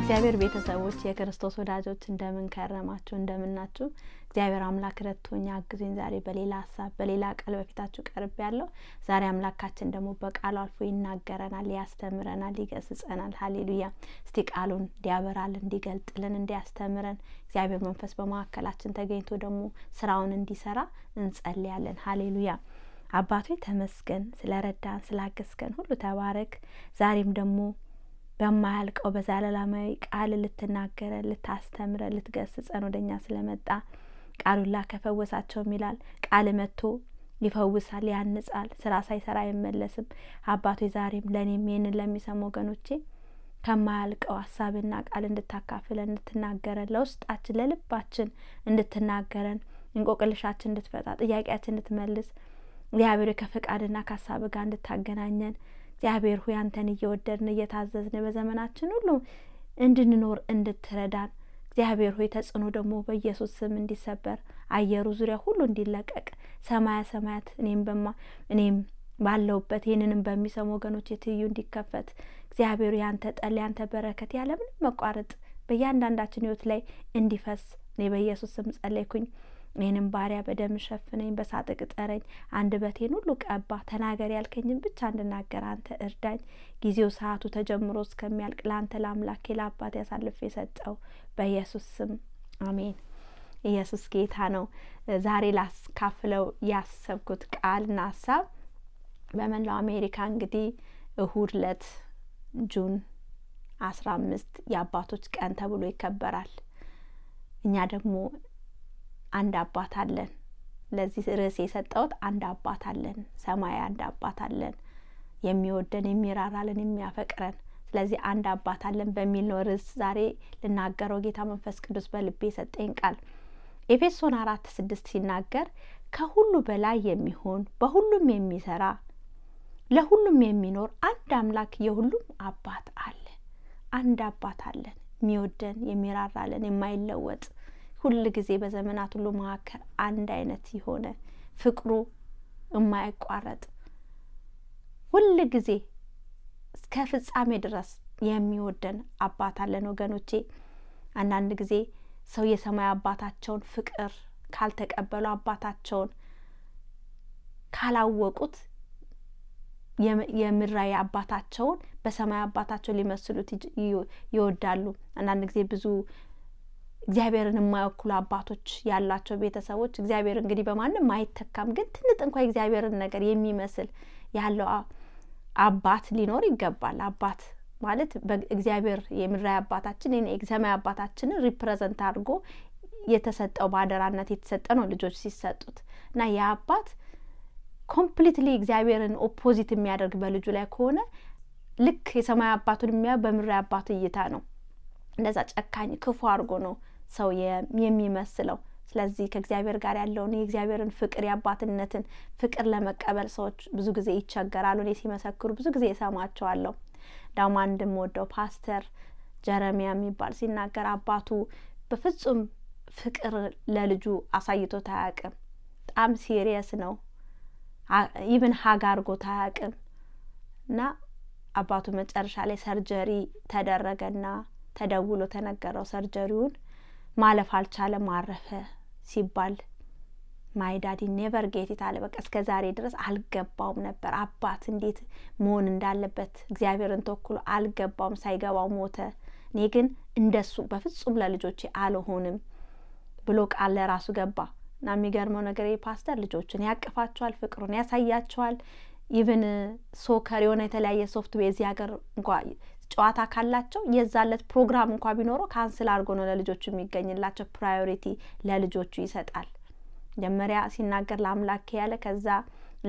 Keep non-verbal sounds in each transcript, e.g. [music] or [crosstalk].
የእግዚአብሔር ቤተሰቦች የክርስቶስ ወዳጆች እንደምንከረማችሁ እንደምናችሁ? እግዚአብሔር አምላክ ረድቶኝ አግዞኝ ዛሬ በሌላ ሀሳብ በሌላ ቃል በፊታችሁ ቀርብ ያለው። ዛሬ አምላካችን ደግሞ በቃሉ አልፎ ይናገረናል፣ ያስተምረናል፣ ይገስጸናል። ሀሌሉያ! እስቲ ቃሉን እንዲያበራል፣ እንዲገልጥልን፣ እንዲያስተምረን እግዚአብሔር መንፈስ በመካከላችን ተገኝቶ ደግሞ ስራውን እንዲሰራ እንጸልያለን። ሀሌሉያ! አባቶ ተመስገን፣ ስለ ረዳን ሁሉ ተባረክ። ዛሬም ደግሞ በማያልቀው በዘላለማዊ ቃል ልትናገረን፣ ልታስተምረን፣ ልትገስጸን ወደ እኛ ስለመጣ ቃሉላ ከፈወሳቸውም ይላል ቃል መጥቶ ይፈውሳል፣ ያንጻል። ስራ ሳይሰራ አይመለስም። አባቶ ዛሬም ለእኔም ይህንን ለሚሰሙ ወገኖቼ ከማያልቀው ሀሳብና ቃል እንድታካፍለን እንድትናገረን ለውስጣችን ለልባችን እንድትናገረን እንቆቅልሻችን እንድትፈታ ጥያቄያችን እንድትመልስ እግዚአብሔር ከፈቃድና ከሀሳብ ጋር እንድታገናኘን እግዚአብሔር ሆይ አንተን እየወደድን እየታዘዝን በዘመናችን ሁሉ እንድንኖር እንድትረዳን እግዚአብሔር ሆይ ተጽዕኖ ደግሞ በኢየሱስ ስም እንዲሰበር አየሩ ዙሪያ ሁሉ እንዲለቀቅ ሰማያ ሰማያት እኔም በማ እኔም ባለውበት ይህንንም በሚሰሙ ወገኖች የትዩ እንዲከፈት እግዚአብሔር ያንተ ጠል ያንተ በረከት ያለምንም መቋረጥ በእያንዳንዳችን ህይወት ላይ እንዲፈስ እኔ በኢየሱስ ስም ጸለይኩኝ። ይህንም ባሪያ በደም ሸፍነኝ፣ በሳጥ ቅጠረኝ፣ አንደበቴን ሁሉ ቀባ። ተናገር ያልከኝም ብቻ እንድናገር አንተ እርዳኝ። ጊዜው ሰዓቱ ተጀምሮ እስከሚያልቅ ለአንተ ለአምላኬ ለአባት ያሳልፍ የሰጠው በኢየሱስ ስም አሜን። ኢየሱስ ጌታ ነው። ዛሬ ላስካፍለው ያሰብኩት ቃልና ሀሳብ በመላው አሜሪካ እንግዲህ እሁድ ለት ጁን አስራ አምስት የአባቶች ቀን ተብሎ ይከበራል። እኛ ደግሞ አንድ አባት አለን። ለዚህ ርዕስ የሰጠሁት አንድ አባት አለን፣ ሰማያዊ አንድ አባት አለን፣ የሚወደን የሚራራልን፣ የሚያፈቅረን። ስለዚህ አንድ አባት አለን በሚል ነው ርዕስ ዛሬ ልናገረው ጌታ መንፈስ ቅዱስ በልቤ የሰጠኝ ቃል ኤፌሶን አራት ስድስት ሲናገር ከሁሉ በላይ የሚሆን በሁሉም የሚሰራ ለሁሉም የሚኖር አንድ አምላክ የሁሉም አባት አለ። አንድ አባት አለን የሚወደን የሚራራለን የማይለወጥ ሁል ጊዜ በዘመናት ሁሉ መካከል አንድ አይነት የሆነ ፍቅሩ የማይቋረጥ ሁል ጊዜ እስከ ፍጻሜ ድረስ የሚወደን አባት አለን ወገኖቼ። አንዳንድ ጊዜ ሰው የሰማይ አባታቸውን ፍቅር ካልተቀበሉ አባታቸውን ካላወቁት የምድራዊ አባታቸውን በሰማይ አባታቸው ሊመስሉት ይወዳሉ። አንዳንድ ጊዜ ብዙ እግዚአብሔርን የማይወክሉ አባቶች ያላቸው ቤተሰቦች እግዚአብሔር እንግዲህ በማንም አይተካም። ግን ትንጥ እንኳ እግዚአብሔርን ነገር የሚመስል ያለው አባት ሊኖር ይገባል። አባት ማለት እግዚአብሔር የምድራዊ አባታችን የሰማይ አባታችንን ሪፕሬዘንት አድርጎ የተሰጠው በአደራነት የተሰጠ ነው ልጆች ሲሰጡት እና የአባት ኮምፕሊትሊ እግዚአብሔርን ኦፖዚት የሚያደርግ በልጁ ላይ ከሆነ ልክ የሰማይ አባቱን የሚያ በምድራዊ አባቱ እይታ ነው እንደዛ ጨካኝ ክፉ አድርጎ ነው ሰው የሚመስለው። ስለዚህ ከእግዚአብሔር ጋር ያለውን የእግዚአብሔርን ፍቅር የአባትነትን ፍቅር ለመቀበል ሰዎች ብዙ ጊዜ ይቸገራሉ። እኔ ሲመሰክሩ ብዙ ጊዜ እሰማቸዋለሁ። ዳማ አንድ ፓስተር ጀረሚያ የሚባል ሲናገር አባቱ በፍጹም ፍቅር ለልጁ አሳይቶ ታያቅም በጣም ሲሪየስ ነው። ይብን ሀግ አድርጎት አያውቅም እና አባቱ መጨረሻ ላይ ሰርጀሪ ተደረገና ተደውሎ ተነገረው ሰርጀሪውን ማለፍ አልቻለም አረፈ ሲባል ማይዳዲ ኔቨር ጌት ይታለ በቃ እስከ ዛሬ ድረስ አልገባውም ነበር። አባት እንዴት መሆን እንዳለበት እግዚአብሔርን ተኩሎ አልገባውም፣ ሳይገባው ሞተ። እኔ ግን እንደሱ በፍጹም ለልጆቼ አልሆንም ብሎ ቃል ለራሱ ገባ እና የሚገርመው ነገር የፓስተር ልጆችን ያቅፋቸዋል፣ ፍቅሩን ያሳያቸዋል። ኢቨን ሶከር የሆነ የተለያየ ሶፍትዌር እዚህ ሀገር እንኳ ጨዋታ ካላቸው የዛለት ፕሮግራም እንኳ ቢኖረው ካንስል አድርጎ ነው ለልጆቹ የሚገኝላቸው። ፕራዮሪቲ ለልጆቹ ይሰጣል። መጀመሪያ ሲናገር ለአምላኬ ያለ ከዛ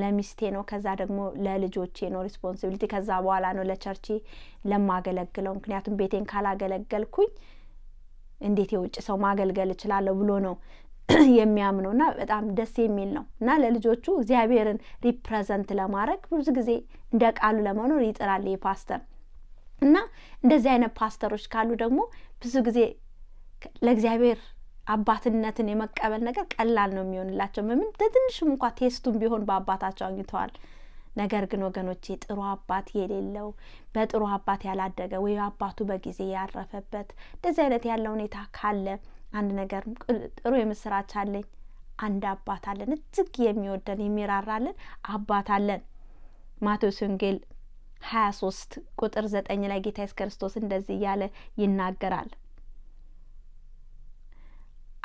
ለሚስቴ ነው፣ ከዛ ደግሞ ለልጆቼ ነው ሪስፖንሲቢሊቲ። ከዛ በኋላ ነው ለቸርቼ ለማገለግለው። ምክንያቱም ቤቴን ካላገለገልኩኝ እንዴት የውጭ ሰው ማገልገል እችላለሁ ብሎ ነው [clears throat] የሚያምነው እና በጣም ደስ የሚል ነው እና ለልጆቹ እግዚአብሔርን ሪፕሬዘንት ለማድረግ ብዙ ጊዜ እንደ ቃሉ ለመኖር ይጥራል ይህ ፓስተር። እና እንደዚህ አይነት ፓስተሮች ካሉ ደግሞ ብዙ ጊዜ ለእግዚአብሔር አባትነትን የመቀበል ነገር ቀላል ነው የሚሆንላቸው። በምን በትንሽም እንኳ ቴስቱን ቢሆን በአባታቸው አግኝተዋል። ነገር ግን ወገኖቼ ጥሩ አባት የሌለው በጥሩ አባት ያላደገ ወይ አባቱ በጊዜ ያረፈበት እንደዚህ አይነት ያለ ሁኔታ ካለ አንድ ነገር ጥሩ የምስራች አለኝ። አንድ አባት አለን፣ እጅግ የሚወደን የሚራራለን አባት አለን። ማቴዎስ ወንጌል ሀያ ሶስት ቁጥር ዘጠኝ ላይ ጌታ ኢየሱስ ክርስቶስ እንደዚህ እያለ ይናገራል።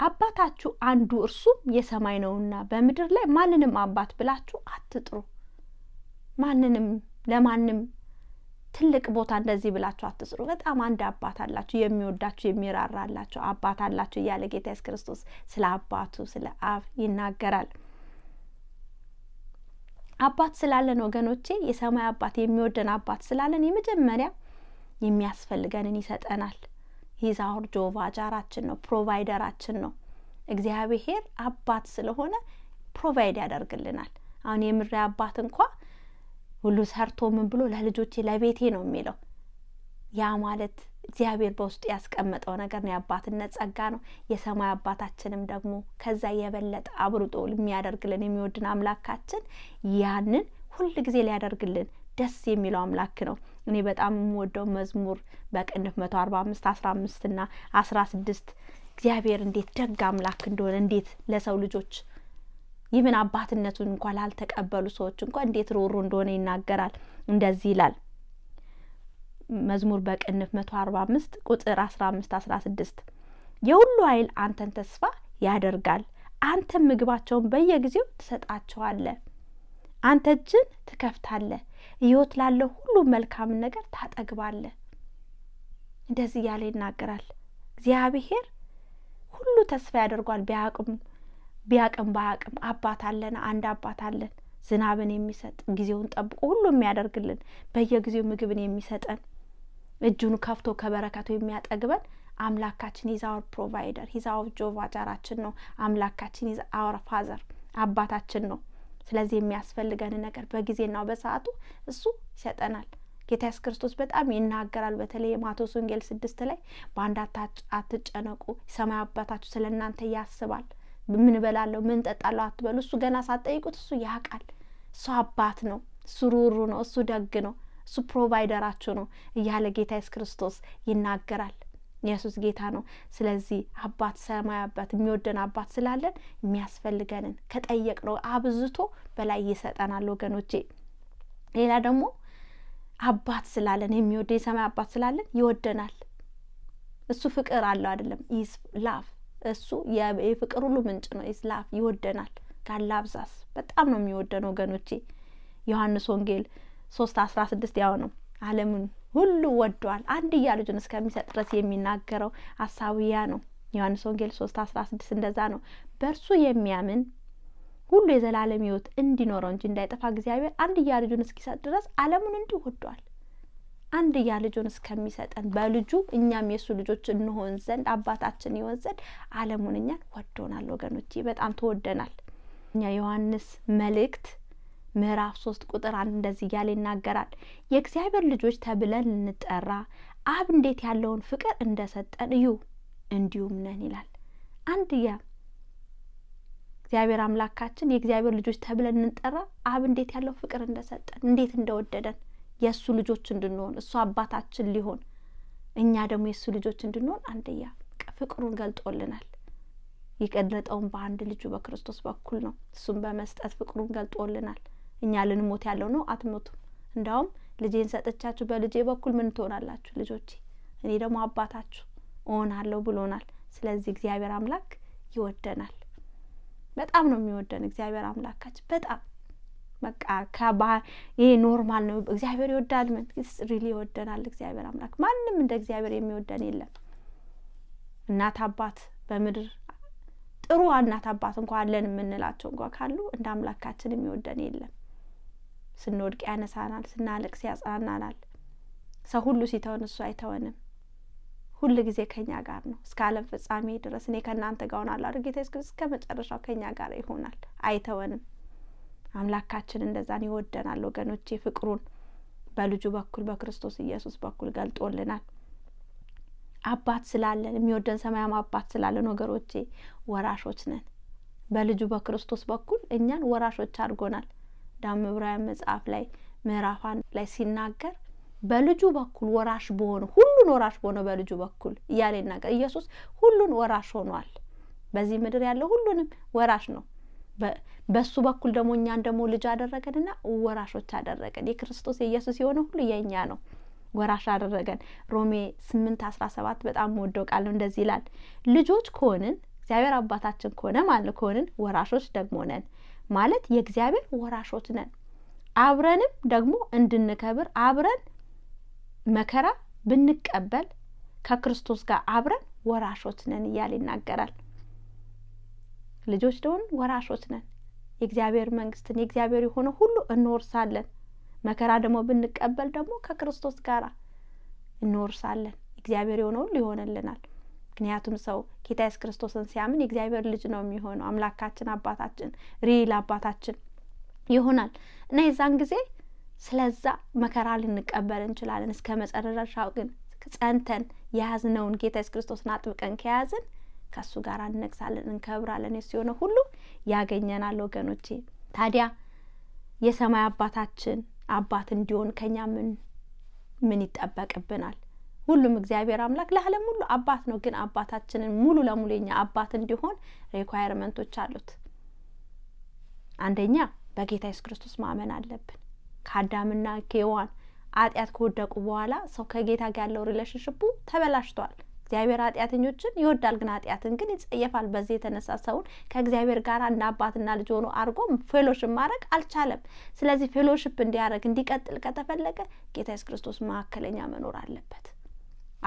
አባታችሁ አንዱ እርሱም የሰማይ ነውና በምድር ላይ ማንንም አባት ብላችሁ አትጥሩ። ማንንም ለማንም ትልቅ ቦታ እንደዚህ ብላችሁ አትጥሩ። በጣም አንድ አባት አላችሁ፣ የሚወዳችሁ የሚራራላችሁ አባት አላችሁ እያለ ጌታ ኢየሱስ ክርስቶስ ስለ አባቱ ስለ አብ ይናገራል። አባት ስላለን ወገኖቼ፣ የሰማይ አባት የሚወደን አባት ስላለን የመጀመሪያ የሚያስፈልገንን ይሰጠናል። ሂዛውር ጆቫ ጃራችን ነው፣ ፕሮቫይደራችን ነው። እግዚአብሔር አባት ስለሆነ ፕሮቫይድ ያደርግልናል። አሁን የምድሬ አባት እንኳ ሁሉ ሰርቶ ምን ብሎ ለልጆቼ ለቤቴ ነው የሚለው ያ ማለት እግዚአብሔር በውስጡ ያስቀመጠው ነገር ነው። የአባትነት ጸጋ ነው። የሰማይ አባታችንም ደግሞ ከዛ የበለጠ አብርጦ የሚያደርግልን የሚወድን አምላካችን ያንን ሁል ጊዜ ሊያደርግልን ደስ የሚለው አምላክ ነው። እኔ በጣም የምወደው መዝሙር በቅንፍ መቶ አርባ አምስት አስራ አምስት ና አስራ ስድስት እግዚአብሔር እንዴት ደግ አምላክ እንደሆነ እንዴት ለሰው ልጆች ይህምን አባትነቱን እንኳ ላልተቀበሉ ሰዎች እንኳ እንዴት ሮሮ እንደሆነ ይናገራል። እንደዚህ ይላል መዝሙር በቅንፍ አምስት ቁጥር 15 16 የሁሉ ኃይል አንተን ተስፋ ያደርጋል፣ አንተ ምግባቸውን በየጊዜው ትሰጣቸዋለ፣ አንተ እጅን ትከፍታለ ህይወት ላለው ሁሉ መልካምን ነገር ታጠግባለ እንደዚህ እያለ ይናገራል። እግዚአብሔር ሁሉ ተስፋ ያደርጓል። ቢያቅም ቢያቅም ባያቅም አባት አለን፣ አንድ አባት አለን፣ ዝናብን የሚሰጥ ጊዜውን ጠብቆ ሁሉ የሚያደርግልን፣ በየጊዜው ምግብን የሚሰጠን እጁን ከፍቶ ከበረከቱ የሚያጠግበን አምላካችን ሂዝ አወር ፕሮቫይደር ሂዝ አወር ጆቫ ጃራችን ነው። አምላካችን ሂዝ አወር ፋዘር አባታችን ነው። ስለዚህ የሚያስፈልገን ነገር በጊዜና በሰዓቱ እሱ ይሰጠናል። ጌታ ኢየሱስ ክርስቶስ በጣም ይናገራል። በተለይ የማቴዎስ ወንጌል ስድስት ላይ በአንድ አትጨነቁ፣ ሰማይ አባታችሁ ስለ እናንተ ያስባል። ምን እበላለሁ፣ ምን ጠጣለሁ አትበሉ። እሱ ገና ሳትጠይቁት እሱ ያውቃል። እሱ አባት ነው። እሱ ሩሩ ነው። እሱ ደግ ነው። እሱ ፕሮቫይደራችሁ ነው እያለ ጌታ ኢየሱስ ክርስቶስ ይናገራል። ኢየሱስ ጌታ ነው። ስለዚህ አባት ሰማይ አባት የሚወደን አባት ስላለን የሚያስፈልገንን ከጠየቅ ነው አብዝቶ በላይ ይሰጠናል። ወገኖቼ ሌላ ደግሞ አባት ስላለን የሚወደ የሰማይ አባት ስላለን ይወደናል። እሱ ፍቅር አለው አይደለም? ላፍ እሱ የፍቅር ሁሉ ምንጭ ነው። ኢዝ ይወደናል። ጋላብዛስ በጣም ነው የሚወደን ወገኖቼ ዮሐንስ ወንጌል ሶስት አስራ ስድስት ያው ነው አለምን ሁሉ ወዷል አንድያ ልጁን እስከሚሰጥ ድረስ የሚናገረው ሀሳብያ ነው። ዮሐንስ ወንጌል ሶስት አስራ ስድስት እንደዛ ነው። በእርሱ የሚያምን ሁሉ የዘላለም ህይወት እንዲኖረው እንጂ እንዳይጠፋ እግዚአብሔር አንድያ ልጁን እስኪሰጥ ድረስ ዓለሙን እንዲህ ወዷል። አንድያ ልጁን እስከሚሰጠን በልጁ እኛም የእሱ ልጆች እንሆን ዘንድ አባታችን ይሆን ዘንድ አለሙን እኛን ወዶናል። ወገኖቼ በጣም ተወደናል። እኛ ዮሐንስ መልእክት ምዕራፍ ሶስት ቁጥር አንድ እንደዚህ እያለ ይናገራል። የእግዚአብሔር ልጆች ተብለን ልንጠራ አብ እንዴት ያለውን ፍቅር እንደሰጠን እዩ እንዲሁም ነን ይላል። አንድያ እግዚአብሔር አምላካችን የእግዚአብሔር ልጆች ተብለን እንጠራ አብ እንዴት ያለው ፍቅር እንደሰጠን እንዴት እንደወደደን የእሱ ልጆች እንድንሆን እሱ አባታችን ሊሆን እኛ ደግሞ የእሱ ልጆች እንድንሆን አንድያ ፍቅሩን ገልጦልናል። የገለጠውን በአንድ ልጁ በክርስቶስ በኩል ነው። እሱም በመስጠት ፍቅሩን ገልጦልናል። እኛ ልንሞት ያለው ነው። አትሞቱም። እንዳውም ልጄን ሰጥቻችሁ በልጄ በኩል ምን ትሆናላችሁ ልጆቼ፣ እኔ ደግሞ አባታችሁ እሆናለሁ ብሎናል። ስለዚህ እግዚአብሔር አምላክ ይወደናል። በጣም ነው የሚወደን እግዚአብሔር አምላካችን። በጣም በቃ ይሄ ኖርማል ነው። እግዚአብሔር ይወዳል። ምን ሪሊ ይወደናል እግዚአብሔር አምላክ። ማንም እንደ እግዚአብሔር የሚወደን የለም። እናት አባት በምድር ጥሩ እናት አባት እንኳ አለን የምንላቸው እንኳ ካሉ እንደ አምላካችን የሚወደን የለም። ስንወድቅ ያነሳናል፣ ስናለቅስ ያጽናናናል። ሰው ሁሉ ሲተውን እሱ አይተወንም። ሁል ጊዜ ከኛ ጋር ነው እስከ ዓለም ፍጻሜ ድረስ። እኔ ከእናንተ ጋር እሆናለሁ አሉ ጌታ ኢየሱስ እስከ መጨረሻው ከኛ ጋር ይሆናል፣ አይተወንም። አምላካችን እንደዛን ይወደናል ወገኖቼ። ፍቅሩን በልጁ በኩል በክርስቶስ ኢየሱስ በኩል ገልጦልናል። አባት ስላለን የሚወደን ሰማያም አባት ስላለን ወገኖቼ ወራሾች ነን። በልጁ በክርስቶስ በኩል እኛን ወራሾች አድርጎናል። ኪዳን ዕብራውያን መጽሐፍ ላይ ምዕራፍ አንድ ላይ ሲናገር በልጁ በኩል ወራሽ በሆነ ሁሉን ወራሽ በሆነ በልጁ በኩል እያለ ይናገር። ኢየሱስ ሁሉን ወራሽ ሆኗል። በዚህ ምድር ያለው ሁሉንም ወራሽ ነው። በሱ በኩል ደግሞ እኛን ደግሞ ልጅ አደረገንና ወራሾች አደረገን። የክርስቶስ የኢየሱስ የሆነ ሁሉ የእኛ ነው፣ ወራሽ አደረገን። ሮሜ ስምንት አስራ ሰባት በጣም ወደው ቃል ነው። እንደዚህ ይላል ልጆች ከሆንን እግዚአብሔር አባታችን ከሆነ ማለት ከሆንን ወራሾች ደግሞ ነን ማለት የእግዚአብሔር ወራሾች ነን። አብረንም ደግሞ እንድንከብር አብረን መከራ ብንቀበል ከክርስቶስ ጋር አብረን ወራሾች ነን እያለ ይናገራል። ልጆች ደሆን ወራሾች ነን። የእግዚአብሔር መንግስትን የእግዚአብሔር የሆነ ሁሉ እንወርሳለን። መከራ ደግሞ ብንቀበል ደግሞ ከክርስቶስ ጋር እንወርሳለን። እግዚአብሔር የሆነ ሁሉ ይሆንልናል። ምክንያቱም ሰው ጌታ ኢየሱስ ክርስቶስን ሲያምን የእግዚአብሔር ልጅ ነው የሚሆነው አምላካችን አባታችን ሪል አባታችን ይሆናል እና የዛን ጊዜ ስለዛ መከራ ልንቀበል እንችላለን። እስከ መጨረሻው ግን ጸንተን የያዝነውን ጌታ ኢየሱስ ክርስቶስን አጥብቀን ከያዝን ከእሱ ጋር እንነግሳለን፣ እንከብራለን። የሱ የሆነ ሁሉ ያገኘናል። ወገኖቼ ታዲያ የሰማይ አባታችን አባት እንዲሆን ከኛ ምን ምን ይጠበቅብናል? ሁሉም እግዚአብሔር አምላክ ለዓለም ሁሉ አባት ነው። ግን አባታችንን ሙሉ ለሙሉ የኛ አባት እንዲሆን ሪኳየርመንቶች አሉት። አንደኛ በጌታ ኢየሱስ ክርስቶስ ማመን አለብን። ከአዳምና ከሔዋን ኃጢአት ከወደቁ በኋላ ሰው ከጌታ ጋር ያለው ሪሌሽንሽፑ ተበላሽቷል። እግዚአብሔር ኃጢአተኞችን ይወዳል፣ ግን ኃጢአትን ግን ይጸየፋል። በዚህ የተነሳ ሰውን ከእግዚአብሔር ጋር እንደ አባትና ልጅ ሆኖ አድርጎ ፌሎሽፕ ማድረግ አልቻለም። ስለዚህ ፌሎሽፕ እንዲያደርግ እንዲቀጥል ከተፈለገ ጌታ ኢየሱስ ክርስቶስ መካከለኛ መኖር አለበት።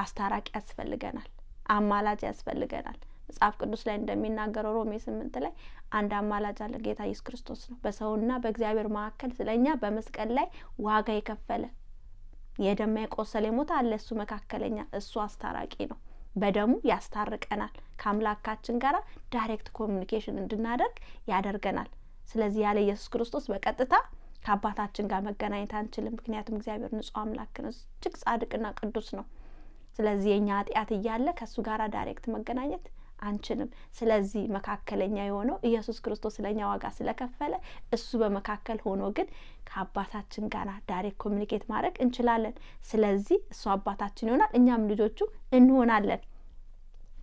አስታራቂ ያስፈልገናል፣ አማላጅ ያስፈልገናል። መጽሐፍ ቅዱስ ላይ እንደሚናገረው ሮሜ ስምንት ላይ አንድ አማላጅ አለ፣ ጌታ ኢየሱስ ክርስቶስ ነው። በሰውና በእግዚአብሔር መካከል ስለ እኛ በመስቀል ላይ ዋጋ የከፈለ የደማ የቆሰለ የሞተ አለ። እሱ መካከለኛ፣ እሱ አስታራቂ ነው። በደሙ ያስታርቀናል። ከአምላካችን ጋር ዳይሬክት ኮሚኒኬሽን እንድናደርግ ያደርገናል። ስለዚህ ያለ ኢየሱስ ክርስቶስ በቀጥታ ከአባታችን ጋር መገናኘት አንችልም። ምክንያቱም እግዚአብሔር ንጹሕ አምላክ ነው፣ እጅግ ጻድቅና ቅዱስ ነው። ስለዚህ የኛ ኃጢአት እያለ ከእሱ ጋር ዳይሬክት መገናኘት አንችልም። ስለዚህ መካከለኛ የሆነው ኢየሱስ ክርስቶስ ለእኛ ዋጋ ስለከፈለ እሱ በመካከል ሆኖ ግን ከአባታችን ጋር ዳይሬክት ኮሚኒኬት ማድረግ እንችላለን። ስለዚህ እሱ አባታችን ይሆናል፣ እኛም ልጆቹ እንሆናለን።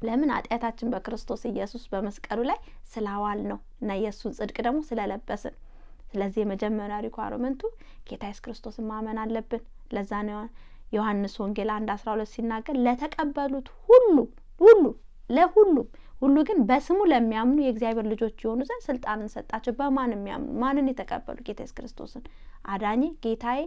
ለምን ኃጢአታችን በክርስቶስ ኢየሱስ በመስቀሉ ላይ ስላዋል ነው እና የእሱን ጽድቅ ደግሞ ስለለበስን። ስለዚህ የመጀመሪያ ሪኳርመንቱ ጌታ ኢየሱስ ክርስቶስን ማመን አለብን። ለዛ ነው ዮሐንስ ወንጌል አንድ አስራ ሁለት ሲናገር ለተቀበሉት ሁሉ ሁሉ ለሁሉም ሁሉ ግን በስሙ ለሚያምኑ የእግዚአብሔር ልጆች የሆኑ ዘንድ ስልጣንን ሰጣቸው። በማን የሚያምኑ ማንን የተቀበሉ? ጌታ ኢየሱስ ክርስቶስን። አዳኝ ጌታዬ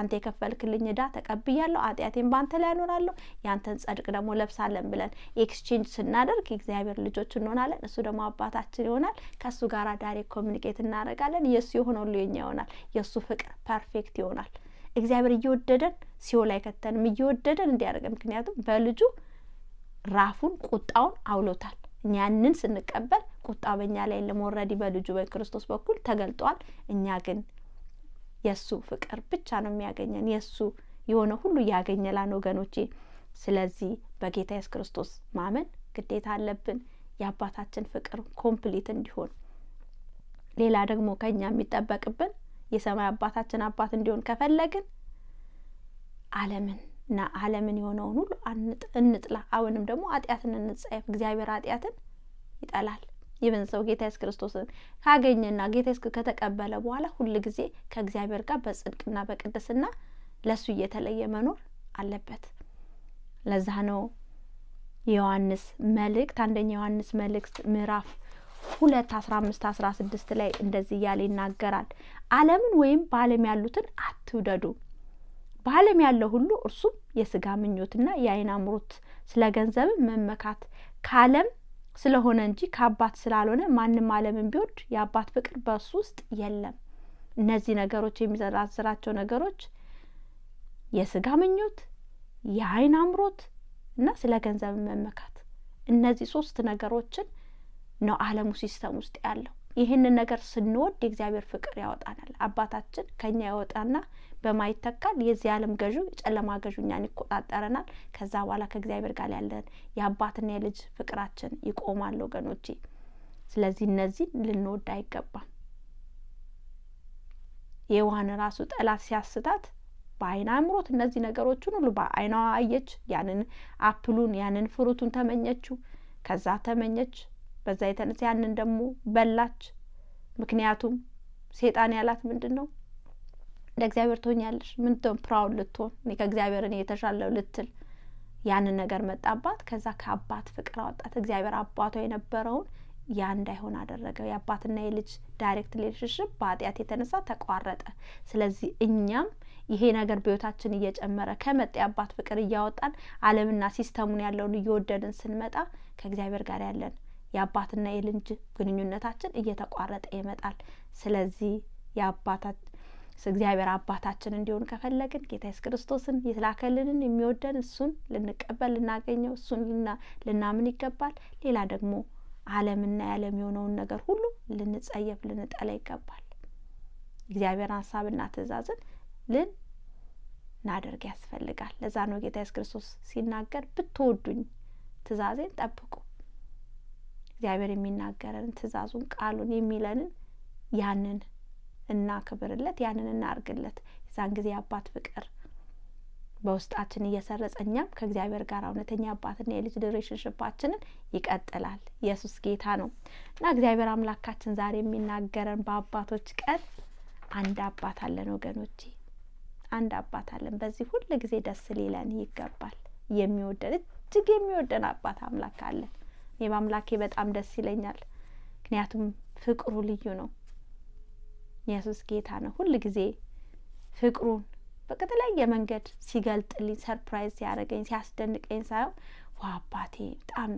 አንተ የከፈልክልኝ ዕዳ ተቀብያለሁ፣ አጢአቴን በአንተ ላይ ያኖራለሁ፣ ያንተን ጸድቅ ደግሞ ለብሳለን ብለን ኤክስቼንጅ ስናደርግ የእግዚአብሔር ልጆች እንሆናለን። እሱ ደግሞ አባታችን ይሆናል። ከእሱ ጋር ዳይሬክት ኮሚኒኬት እናደርጋለን። የእሱ የሆነው የኛ ይሆናል። የእሱ ፍቅር ፐርፌክት ይሆናል። እግዚአብሔር እየወደደን ሲኦል አይከተንም፣ እየወደደን እንዲያደርገን። ምክንያቱም በልጁ ራፉን ቁጣውን አውሎታል። ያንን ስንቀበል ቁጣ በእኛ ላይ የለም። ኦልሬዲ በልጁ በክርስቶስ በኩል ተገልጧል። እኛ ግን የእሱ ፍቅር ብቻ ነው የሚያገኘን። የእሱ የሆነ ሁሉ ያገኘላን ወገኖቼ። ስለዚህ በጌታ ኢየሱስ ክርስቶስ ማመን ግዴታ አለብን። የአባታችን ፍቅር ኮምፕሊት እንዲሆን ሌላ ደግሞ ከኛ የሚጠበቅብን የሰማይ አባታችን አባት እንዲሆን ከፈለግን ዓለምን እና ዓለምን የሆነውን ሁሉ እንጥላ። አሁንም ደግሞ ኃጢአትን እንጸየፍ። እግዚአብሔር ኃጢአትን ይጠላል። ይብን ሰው ጌታ ኢየሱስ ክርስቶስን ካገኘና ጌታ ኢየሱስ ከተቀበለ በኋላ ሁል ጊዜ ከእግዚአብሔር ጋር በጽድቅና በቅድስና ለእሱ እየተለየ መኖር አለበት። ለዛ ነው የዮሐንስ መልእክት አንደኛ ዮሐንስ መልእክት ምዕራፍ ሁለት አስራ አምስት አስራ ስድስት ላይ እንደዚህ እያለ ይናገራል። ዓለምን ወይም በዓለም ያሉትን አትውደዱ በዓለም ያለው ሁሉ እርሱም የስጋ ምኞትና የአይን አምሮት ስለ ገንዘብም መመካት ከዓለም ስለሆነ እንጂ ከአባት ስላልሆነ ማንም ዓለምን ቢወድ የአባት ፍቅር በእሱ ውስጥ የለም። እነዚህ ነገሮች የሚዘራዝራቸው ነገሮች የስጋ ምኞት፣ የአይን አምሮት እና ስለ ገንዘብ መመካት፣ እነዚህ ሶስት ነገሮችን ነው ዓለሙ ሲስተም ውስጥ ያለው። ይህንን ነገር ስንወድ የእግዚአብሔር ፍቅር ያወጣናል። አባታችን ከኛ ያወጣና በማይተካል የዚህ ዓለም ገዢ ጨለማ ገዢ እኛን ይቆጣጠረናል። ከዛ በኋላ ከእግዚአብሔር ጋር ያለን የአባትና የልጅ ፍቅራችን ይቆማል ወገኖቼ። ስለዚህ እነዚህ ልንወድ አይገባም። የዋን ራሱ ጠላት ሲያስታት በአይን አእምሮት እነዚህ ነገሮችን ሁሉ በአይኗ አየች። ያንን አፕሉን ያንን ፍሩቱን ተመኘችው፣ ከዛ ተመኘች። በዛ የተነሳ ያንን ደግሞ በላች። ምክንያቱም ሴጣን ያላት ምንድን ነው? ለእግዚአብሔር ትሆኛለሽ። ምንድን ፕራውድ ልትሆን ከእግዚአብሔር እኔ የተሻለው ልትል ያንን ነገር መጣባት። ከዛ ከአባት ፍቅር አወጣት። እግዚአብሔር አባቷ የነበረውን ያ እንዳይሆን አደረገው የአባትና የልጅ ዳይሬክት ሪሌሽንሽፕ በኃጢአት የተነሳ ተቋረጠ። ስለዚህ እኛም ይሄ ነገር በህይወታችን እየጨመረ ከመጣ የአባት ፍቅር እያወጣን ዓለምና ሲስተሙን ያለውን እየወደድን ስንመጣ ከእግዚአብሔር ጋር ያለን የአባትና የልጅ ግንኙነታችን እየተቋረጠ ይመጣል። ስለዚህ የአባታት እግዚአብሔር አባታችን እንዲሆን ከፈለግን ጌታ ኢየሱስ ክርስቶስን የተላከልንን የሚወደን እሱን ልንቀበል ልናገኘው እሱን ልናምን ይገባል። ሌላ ደግሞ ዓለምና የዓለም የሆነውን ነገር ሁሉ ልንጸየፍ ልንጠላ ይገባል። እግዚአብሔርን ሀሳብና ትእዛዝን ልናደርግ ያስፈልጋል። ለዛ ነው ጌታ ኢየሱስ ክርስቶስ ሲናገር ብትወዱኝ ትእዛዜን ጠብቁ። እግዚአብሔር የሚናገረን ትእዛዙን ቃሉን የሚለንን ያንን እናክብርለት፣ ያንን እናርግለት። የዛን ጊዜ አባት ፍቅር በውስጣችን እየሰረጸ እኛም ከእግዚአብሔር ጋር እውነተኛ አባትና የልጅ ሪሌሽንሽፓችንን ይቀጥላል። ኢየሱስ ጌታ ነው እና እግዚአብሔር አምላካችን ዛሬ የሚናገረን በአባቶች ቀን አንድ አባት አለን ወገኖቼ፣ አንድ አባት አለን። በዚህ ሁል ጊዜ ደስ ሊለን ይገባል። የሚወደን እጅግ የሚወደን አባት አምላክ አለን። እኔ በአምላኬ በጣም ደስ ይለኛል፣ ምክንያቱም ፍቅሩ ልዩ ነው። ኢየሱስ ጌታ ነው። ሁል ጊዜ ፍቅሩን በተለያየ መንገድ ሲገልጥልኝ፣ ሰርፕራይዝ ሲያደርገኝ፣ ሲያስደንቀኝ ሳይሆን ዋ አባቴ በጣም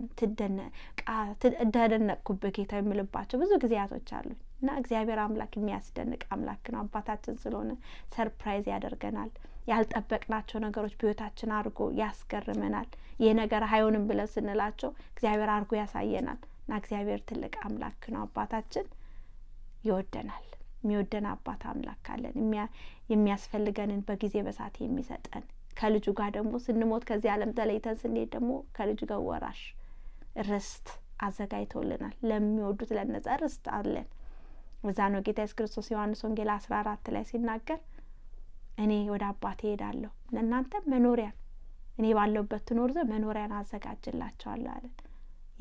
ትደነቅኩበት ጌታ የምልባቸው ብዙ ጊዜያቶች አሉ እና እግዚአብሔር አምላክ የሚያስደንቅ አምላክ ነው። አባታችን ስለሆነ ሰርፕራይዝ ያደርገናል። ያልጠበቅናቸው ነገሮች በሕይወታችን አድርጎ ያስገርመናል። ይህ ነገር አይሆንም ብለን ስንላቸው እግዚአብሔር አድርጎ ያሳየናል እና እግዚአብሔር ትልቅ አምላክ ነው። አባታችን ይወደናል። የሚወደን አባት አምላክ አለን። የሚያስፈልገንን በጊዜ በሳት የሚሰጠን ከልጁ ጋር ደግሞ ስንሞት ከዚህ ዓለም ተለይተን ስንሄድ ደግሞ ከልጁ ጋር ወራሽ ርስት አዘጋጅቶልናል። ለሚወዱት ለነጻ ርስት አለን። እዛ ነው ጌታ ኢየሱስ ክርስቶስ ዮሐንስ ወንጌል አስራ አራት ላይ ሲናገር እኔ ወደ አባቴ ሄዳለሁ፣ ለእናንተ መኖሪያን እኔ ባለሁበት ትኖር ዘ መኖሪያን አዘጋጅላቸዋለሁ አለን።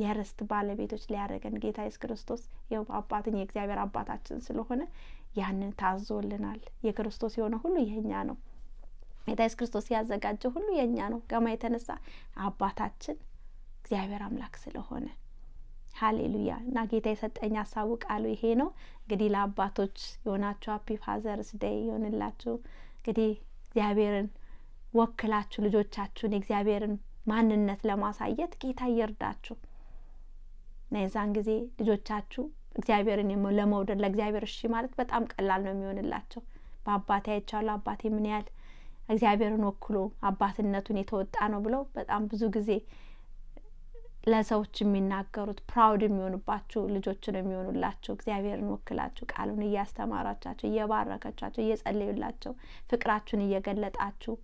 የርስት ባለቤቶች ሊያደረገን ጌታ ኢየሱስ ክርስቶስ አባትን የእግዚአብሔር አባታችን ስለሆነ ያንን ታዞልናል። የክርስቶስ የሆነ ሁሉ የኛ ነው። ጌታ ኢየሱስ ክርስቶስ ያዘጋጀው ሁሉ የእኛ ነው። ገማ የተነሳ አባታችን እግዚአብሔር አምላክ ስለሆነ ሀሌሉያ እና ጌታ የሰጠኝ ሀሳቡ ቃሉ ይሄ ነው። እንግዲህ ለአባቶች የሆናችሁ ሀፒ ፋዘርስ ደይ የሆንላችሁ። እንግዲህ እግዚአብሔርን ወክላችሁ ልጆቻችሁን የእግዚአብሔርን ማንነት ለማሳየት ጌታ ይርዳችሁ። እና የዛን ጊዜ ልጆቻችሁ እግዚአብሔርን ለመውደድ ለእግዚአብሔር እሺ ማለት በጣም ቀላል ነው የሚሆንላቸው። በአባቴ አይቻሉ አባቴ ምን ያህል እግዚአብሔርን ወክሎ አባትነቱን የተወጣ ነው ብለው በጣም ብዙ ጊዜ ለሰዎች የሚናገሩት ፕራውድ የሚሆኑባችሁ ልጆች ነው የሚሆኑላቸው። እግዚአብሔርን ወክላችሁ ቃሉን እያስተማራቻቸው፣ እየባረከቻቸው፣ እየጸለዩላቸው፣ ፍቅራችሁን እየገለጣችሁ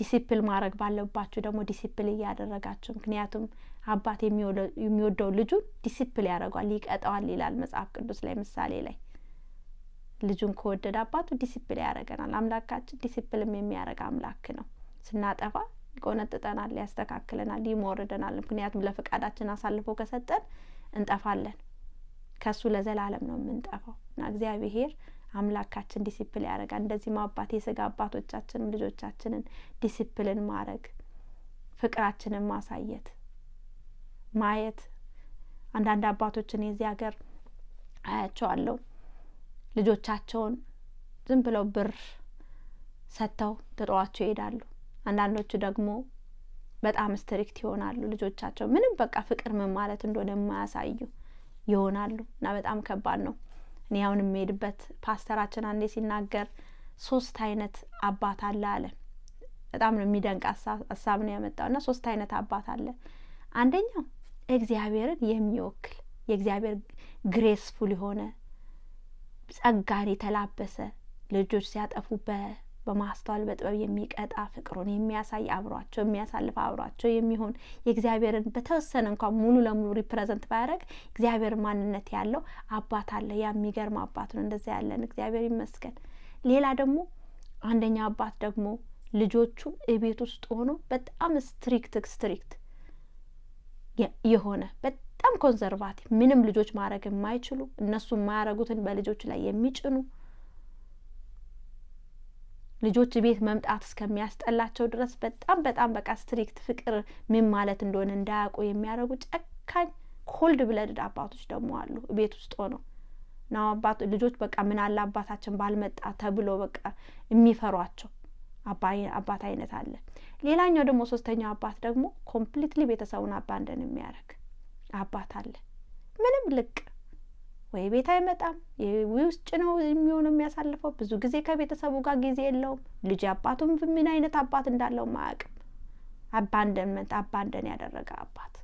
ዲሲፕል ማድረግ ባለባችሁ ደግሞ ዲሲፕል እያደረጋችሁ ምክንያቱም አባት የሚወደው ልጁን ዲሲፕል ያደርጓል ይቀጠዋል ይላል መጽሐፍ ቅዱስ ላይ ምሳሌ ላይ ልጁን ከወደደ አባቱ ዲሲፕል ያደረገናል አምላካችን ዲሲፕልም የሚያደርግ አምላክ ነው ስናጠፋ ይቆነጥጠናል ያስተካክለናል ይሞርደናል ምክንያቱም ለፈቃዳችን አሳልፎ ከሰጠን እንጠፋለን ከሱ ለዘላለም ነው የምንጠፋው እና እግዚአብሔር አምላካችን ዲሲፕል ያደርጋል። እንደዚህ ማባት የስጋ አባቶቻችንም ልጆቻችንን ዲሲፕልን ማድረግ ፍቅራችንን ማሳየት ማየት አንዳንድ አባቶችን የዚህ ሀገር አያቸዋለሁ ልጆቻቸውን ዝም ብለው ብር ሰጥተው ትጠዋቸው ይሄዳሉ። አንዳንዶቹ ደግሞ በጣም ስትሪክት ይሆናሉ። ልጆቻቸው ምንም በቃ ፍቅር ምን ማለት እንደሆነ የማያሳዩ ይሆናሉ እና በጣም ከባድ ነው። እኔ አሁን የምሄድበት ፓስተራችን አንዴ ሲናገር ሶስት አይነት አባት አለ አለ። በጣም ነው የሚደንቅ ሀሳብ ነው ያመጣው እና ሶስት አይነት አባት አለ። አንደኛው እግዚአብሔርን የሚወክል የእግዚአብሔር ግሬስፉል የሆነ ጸጋን የተላበሰ ልጆች ሲያጠፉ በማስተዋል በጥበብ የሚቀጣ ፍቅሩን የሚያሳይ አብሯቸው የሚያሳልፍ አብሯቸው የሚሆን የእግዚአብሔርን በተወሰነ እንኳን ሙሉ ለሙሉ ሪፕሬዘንት ባያደረግ እግዚአብሔር ማንነት ያለው አባት አለ። ያ የሚገርም አባት ነው። እንደዚያ ያለን እግዚአብሔር ይመስገን። ሌላ ደግሞ አንደኛ አባት ደግሞ ልጆቹ እቤት ውስጥ ሆኖ በጣም ስትሪክት ስትሪክት የሆነ በጣም ኮንዘርቫቲቭ ምንም ልጆች ማድረግ የማይችሉ እነሱ የማያደረጉትን በልጆች ላይ የሚጭኑ ልጆች ቤት መምጣት እስከሚያስጠላቸው ድረስ በጣም በጣም በቃ ስትሪክት ፍቅር ምን ማለት እንደሆነ እንዳያውቁ የሚያደርጉ ጨካኝ ኮልድ ብለድድ አባቶች ደግሞ አሉ። ቤት ውስጥ ሆነው ነው አባት ልጆች በቃ ምን አለ አባታችን ባልመጣ ተብሎ በቃ የሚፈሯቸው አባት አይነት አለ። ሌላኛው ደግሞ ሶስተኛው አባት ደግሞ ኮምፕሊትሊ ቤተሰቡን አባንደን የሚያደርግ አባት አለ። ምንም ልቅ ወይ ቤት አይመጣም፣ ውጭ ነው የሚሆነው የሚያሳልፈው። ብዙ ጊዜ ከቤተሰቡ ጋር ጊዜ የለውም። ልጅ አባቱም ምን አይነት አባት እንዳለውም አያውቅም። አባንደንመንት አባንደን ያደረገ አባት።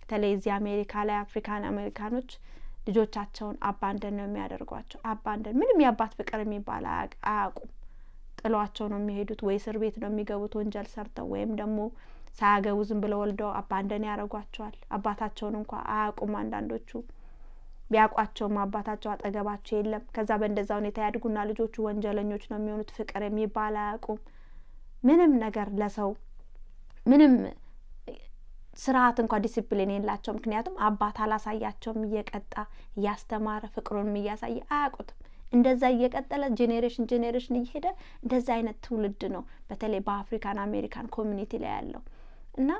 በተለይ እዚህ አሜሪካ ላይ አፍሪካን አሜሪካኖች ልጆቻቸውን አባንደን ነው የሚያደርጓቸው። አባንደን ምንም የአባት ፍቅር የሚባል አያውቁም። ጥሏቸው ነው የሚሄዱት፣ ወይ እስር ቤት ነው የሚገቡት ወንጀል ሰርተው ወይም ደግሞ ሳያገቡ ዝም ብለው ወልደው አባንደን ያደርጓቸዋል። አባታቸውን እንኳ አያውቁም አንዳንዶቹ ቢያውቋቸውም አባታቸው አጠገባቸው የለም። ከዛ በእንደዛ ሁኔታ ያድጉና ልጆቹ ወንጀለኞች ነው የሚሆኑት። ፍቅር የሚባል አያውቁም። ምንም ነገር ለሰው ምንም ስርዓት እንኳ ዲሲፕሊን የላቸው። ምክንያቱም አባት አላሳያቸውም፣ እየቀጣ እያስተማረ ፍቅሩንም እያሳየ አያውቁትም። እንደዛ እየቀጠለ ጄኔሬሽን ጄኔሬሽን እየሄደ እንደዛ አይነት ትውልድ ነው በተለይ በአፍሪካን አሜሪካን ኮሚኒቲ ላይ ያለው እና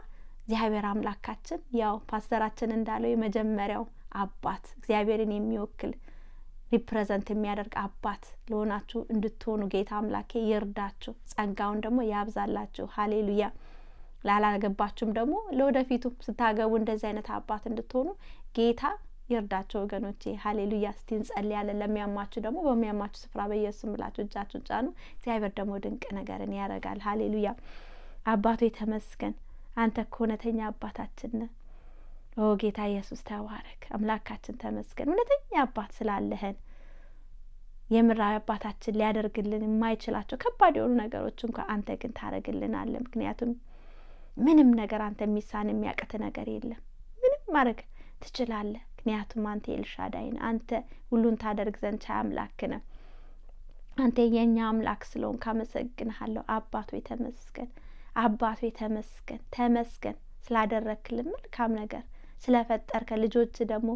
እግዚአብሔር አምላካችን ያው ፓስተራችን እንዳለው የመጀመሪያው አባት እግዚአብሔርን የሚወክል ሪፕሬዘንት የሚያደርግ አባት ለሆናችሁ እንድትሆኑ ጌታ አምላኬ ይርዳችሁ፣ ጸጋውን ደግሞ ያብዛላችሁ። ሀሌሉያ። ላላገባችሁም ደግሞ ለወደፊቱ ስታገቡ እንደዚህ አይነት አባት እንድትሆኑ ጌታ ይርዳቸው ወገኖቼ፣ ሀሌሉያ። እስቲ እንጸልያለን። ለሚያማችሁ ደግሞ በሚያማችሁ ስፍራ በኢየሱስ ስም ብላችሁ እጃችሁን ጫኑ። እግዚአብሔር ደግሞ ድንቅ ነገርን ያደርጋል። ሀሌሉያ። አባቱ የተመስገን። አንተ እኮ እውነተኛ አባታችን ነህ። ኦ ጌታ ኢየሱስ ተባረክ። አምላካችን ተመስገን። እውነተኛ አባት ስላለህን የምራዊ አባታችን ሊያደርግልን የማይችላቸው ከባድ የሆኑ ነገሮች እንኳ አንተ ግን አለ። ምክንያቱም ምንም ነገር አንተ የሚሳን የሚያቅት ነገር የለም። ምንም ማድረግ ትችላለህ። ምክንያቱም አንተ ኤልሻዳይን አንተ ሁሉን ታደርግ ዘንድ ቻይ አምላክ ነህ። አንተ የእኛ አምላክ ስለሆን ካመሰግንሃለሁ። አባቶ ተመስገን፣ አባቶ ተመስገን፣ ተመስገን ስላደረክልን መልካም ነገር ስለፈጠርከ ልጆች ደግሞ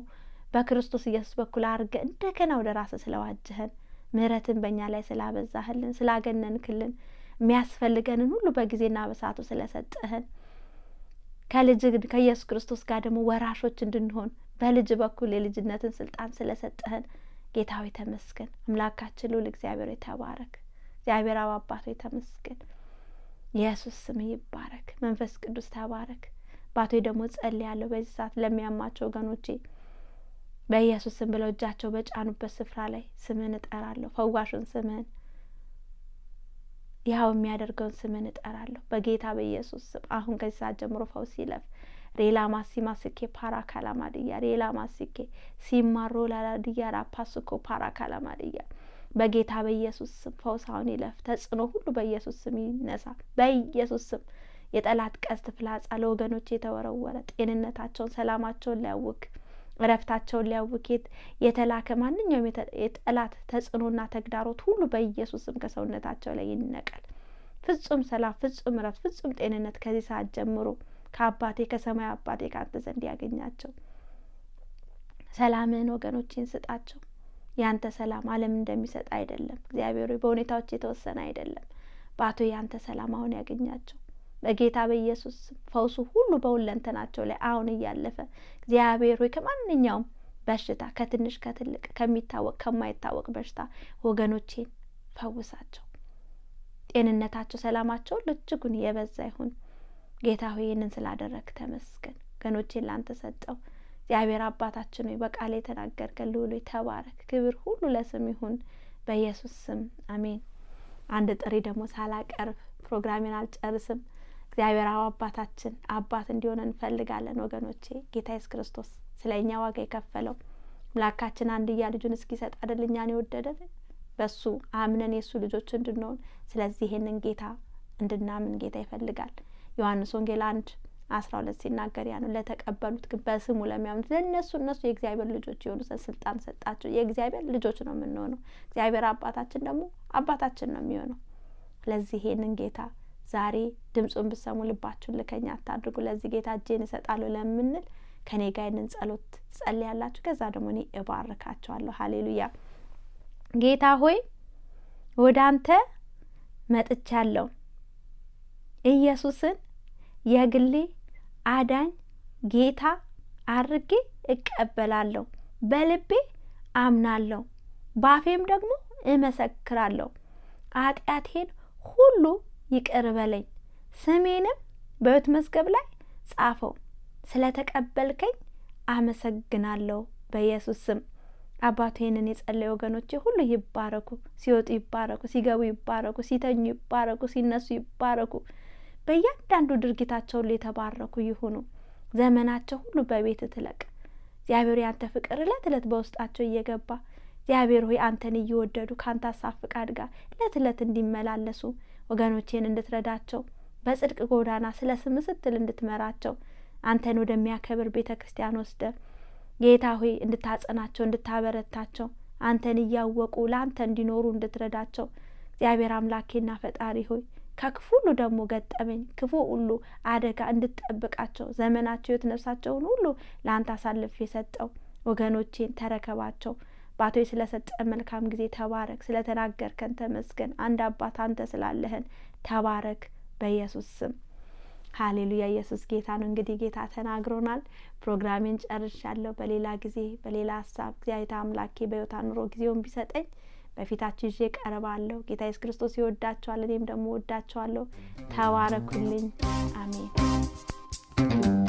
በክርስቶስ ኢየሱስ በኩል አድርገ እንደገና ወደ ራስ ስለዋጀህን ምህረትን በእኛ ላይ ስላበዛህልን ስላገነንክልን የሚያስፈልገንን ሁሉ በጊዜና በሰዓቱ ስለሰጠህን ከልጅ ከኢየሱስ ክርስቶስ ጋር ደግሞ ወራሾች እንድንሆን በልጅ በኩል የልጅነትን ስልጣን ስለሰጠህን ጌታዊ ተመስገን። አምላካችን ልዑል እግዚአብሔር የተባረክ። እግዚአብሔር አብ አባቶ የተመስገን። ኢየሱስ ስም ይባረክ። መንፈስ ቅዱስ ተባረክ። አባቴ ደግሞ ጸልያለሁ በዚህ ሰዓት ለሚያማቸው ወገኖቼ በኢየሱስ ስም ብለው እጃቸው በጫኑበት ስፍራ ላይ ስምን እጠራለሁ። ፈዋሹን ስምን ያው የሚያደርገውን ስምን እጠራለሁ በጌታ በኢየሱስ ስም። አሁን ከዚህ ሰዓት ጀምሮ ፈውስ ይለፍ። ሬላ ማሲ ማስኬ ፓራ ካላማድያ ሬላ ማስኬ ሲማሮ ላላድያ ራፓስኮ ፓራ ካላማድያ በጌታ በኢየሱስ ስም ፈውስ አሁን ይለፍ። ተጽዕኖ ሁሉ በኢየሱስ ስም ይነሳ በኢየሱስ ስም የጠላት ቀስት ፍላጻ ለወገኖች የተወረወረ ጤንነታቸውን፣ ሰላማቸውን ሊያውክ እረፍታቸውን ሊያውክ የተላከ ማንኛውም የጠላት ተጽዕኖና ተግዳሮት ሁሉ በኢየሱስም ከሰውነታቸው ላይ ይነቀል። ፍጹም ሰላም፣ ፍጹም እረፍት፣ ፍጹም ጤንነት ከዚህ ሰዓት ጀምሮ ከአባቴ ከሰማይ አባቴ ከአንተ ዘንድ ያገኛቸው። ሰላምህን ወገኖችን ስጣቸው። ያንተ ሰላም ዓለም እንደሚሰጥ አይደለም። እግዚአብሔር በሁኔታዎች የተወሰነ አይደለም። በአቶ ያንተ ሰላም አሁን ያገኛቸው። በጌታ በኢየሱስ ፈውሱ ሁሉ በሁለንተናቸው ላይ አሁን እያለፈ እግዚአብሔር ሆይ ከማንኛውም በሽታ ከትንሽ ከትልቅ ከሚታወቅ ከማይታወቅ በሽታ ወገኖቼን ፈውሳቸው። ጤንነታቸው፣ ሰላማቸው እጅጉን የበዛ ይሁን። ጌታ ሆይ ይህንን ስላደረግ ተመስገን። ወገኖቼን ላንተ ሰጠው። እግዚአብሔር አባታችን ሆይ በቃል የተናገርከን ልዑል ተባረክ። ክብር ሁሉ ለስም ይሁን፣ በኢየሱስ ስም አሜን። አንድ ጥሪ ደግሞ ሳላቀርብ ፕሮግራሜን አልጨርስም። እግዚአብሔር አብ አባታችን አባት እንዲሆን እንፈልጋለን ወገኖቼ። ጌታ ኢየሱስ ክርስቶስ ስለ እኛ ዋጋ የከፈለው አምላካችን አንድያ ልጁን እስኪሰጥ አይደል እኛን የወደደን በሱ አምነን የእሱ ልጆች እንድንሆን። ስለዚህ ይህንን ጌታ እንድናምን ጌታ ይፈልጋል። ዮሐንስ ወንጌል አንድ አስራ ሁለት ሲናገር ያ ነው ለተቀበሉት ግን በስሙ ለሚያምኑት ለእነሱ እነሱ የእግዚአብሔር ልጆች የሆኑ ስልጣን ሰጣቸው። የእግዚአብሔር ልጆች ነው የምንሆነው። እግዚአብሔር አባታችን ደግሞ አባታችን ነው የሚሆነው። ስለዚህ ይህንን ጌታ ዛሬ ድምፁን ብሰሙ ልባችሁን ልከኛ አታድርጉ፣ ለዚህ ጌታ እጄን እሰጣለሁ ለምንል ከኔ ጋር ይንን ጸሎት ጸልያላችሁ። ከዛ ደግሞ እኔ እባርካችኋለሁ። ሀሌሉያ። ጌታ ሆይ ወደ አንተ መጥቻለሁ። ኢየሱስን የግሌ አዳኝ ጌታ አድርጌ እቀበላለሁ። በልቤ አምናለሁ፣ ባፌም ደግሞ እመሰክራለሁ አጢአቴን ሁሉ ይቅር በለኝ፣ ስሜንም በሕይወት መዝገብ ላይ ጻፈው፣ ስለ ተቀበልከኝ አመሰግናለሁ በኢየሱስ ስም። አባቱ ይህንን የጸለዩ ወገኖቼ ሁሉ ይባረኩ፣ ሲወጡ ይባረኩ፣ ሲገቡ ይባረኩ፣ ሲተኙ ይባረኩ፣ ሲነሱ ይባረኩ። በእያንዳንዱ ድርጊታቸው ሁሉ የተባረኩ ይሁኑ። ዘመናቸው ሁሉ በቤት ትለቅ። እግዚአብሔር ያንተ ፍቅር እለት እለት በውስጣቸው እየገባ እግዚአብሔር ሆይ አንተን እየወደዱ ከአንተ ሀሳብ ፍቃድ ጋር እለት እለት እንዲመላለሱ ወገኖቼን እንድትረዳቸው በጽድቅ ጎዳና ስለ ስም ስትል እንድትመራቸው አንተን ወደሚያከብር ቤተ ክርስቲያን ወስደ ጌታ ሆይ እንድታጸናቸው፣ እንድታበረታቸው አንተን እያወቁ ለአንተ እንዲኖሩ እንድትረዳቸው እግዚአብሔር አምላኬና ፈጣሪ ሆይ ከክፉ ሁሉ ደግሞ ገጠመኝ ክፉ ሁሉ አደጋ እንድትጠብቃቸው ዘመናቸው የት ነፍሳቸውን ሁሉ ለአንተ አሳልፍ የሰጠው ወገኖቼን ተረከባቸው። አባቶች ስለሰጠ መልካም ጊዜ ተባረክ፣ ስለተናገርከን ተመስገን። አንድ አባት አንተ ስላለህን ተባረክ በኢየሱስ ስም። ሀሌሉያ ኢየሱስ ጌታ ነው። እንግዲህ ጌታ ተናግሮናል። ፕሮግራሜን ጨርሻለሁ። በሌላ ጊዜ በሌላ ሀሳብ እግዚአብሔር አምላኬ በሕይወት ኑሮ ጊዜውን ቢሰጠኝ በፊታችሁ ይዤ ቀርባለሁ። ጌታ ኢየሱስ ክርስቶስ ይወዳችኋል፣ እኔም ደግሞ ወዳችኋለሁ። ተባረኩልኝ። አሜን።